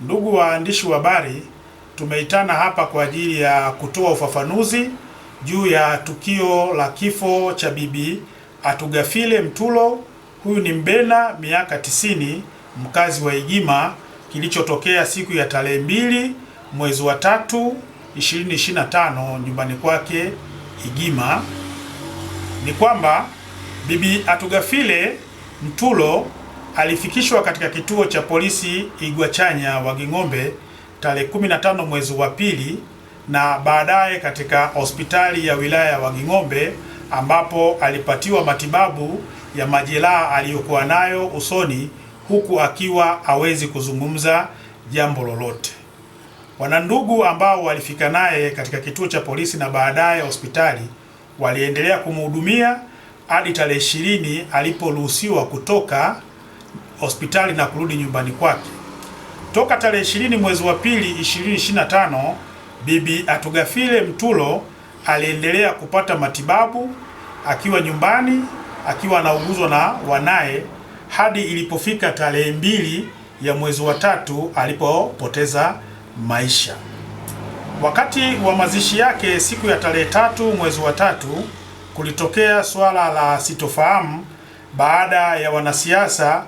Ndugu waandishi wa habari, tumeitana hapa kwa ajili ya kutoa ufafanuzi juu ya tukio la kifo cha Bibi Atugafile Mtulo, huyu ni Mbena, miaka tisini, mkazi wa Igima, kilichotokea siku ya tarehe mbili mwezi wa tatu 2025 nyumbani kwake Igima. Ni kwamba Bibi Atugafile Mtulo alifikishwa katika kituo cha polisi Igwachanya waging'ombe tarehe 15 mwezi wa pili na baadaye katika hospitali ya wilaya ya Wanging'ombe ambapo alipatiwa matibabu ya majeraha aliyokuwa nayo usoni huku akiwa hawezi kuzungumza jambo lolote. Wanandugu ambao walifika naye katika kituo cha polisi na baadaye hospitali waliendelea kumhudumia hadi tarehe 20 aliporuhusiwa kutoka hospitali na kurudi nyumbani kwake. Toka tarehe 20 mwezi wa pili 2025, Bibi Atugafile Mtulo aliendelea kupata matibabu akiwa nyumbani akiwa anauguzwa na wanaye hadi ilipofika tarehe mbili ya mwezi wa tatu alipopoteza maisha. Wakati wa mazishi yake siku ya tarehe tatu mwezi wa tatu kulitokea swala la sitofahamu baada ya wanasiasa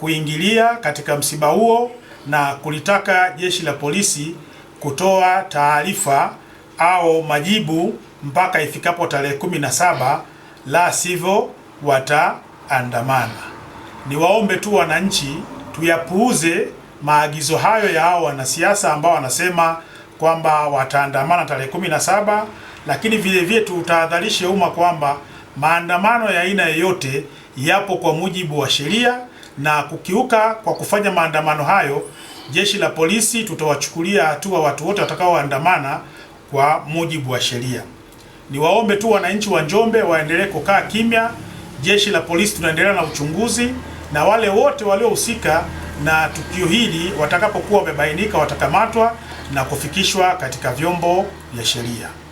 kuingilia katika msiba huo na kulitaka jeshi la polisi kutoa taarifa au majibu mpaka ifikapo tarehe kumi na saba, la sivyo wataandamana. Niwaombe tu wananchi tuyapuuze maagizo hayo ya hao wanasiasa ambao wanasema kwamba wataandamana tarehe kumi na saba, lakini vile vile tutahadharishe umma kwamba maandamano ya aina yoyote yapo kwa mujibu wa sheria na kukiuka kwa kufanya maandamano hayo, jeshi la polisi tutawachukulia hatua watu wote watakaoandamana kwa mujibu wa sheria. Niwaombe tu wananchi wa Njombe waendelee kukaa kimya. Jeshi la polisi tunaendelea na uchunguzi, na wale wote waliohusika na tukio hili watakapokuwa wamebainika watakamatwa na kufikishwa katika vyombo vya sheria.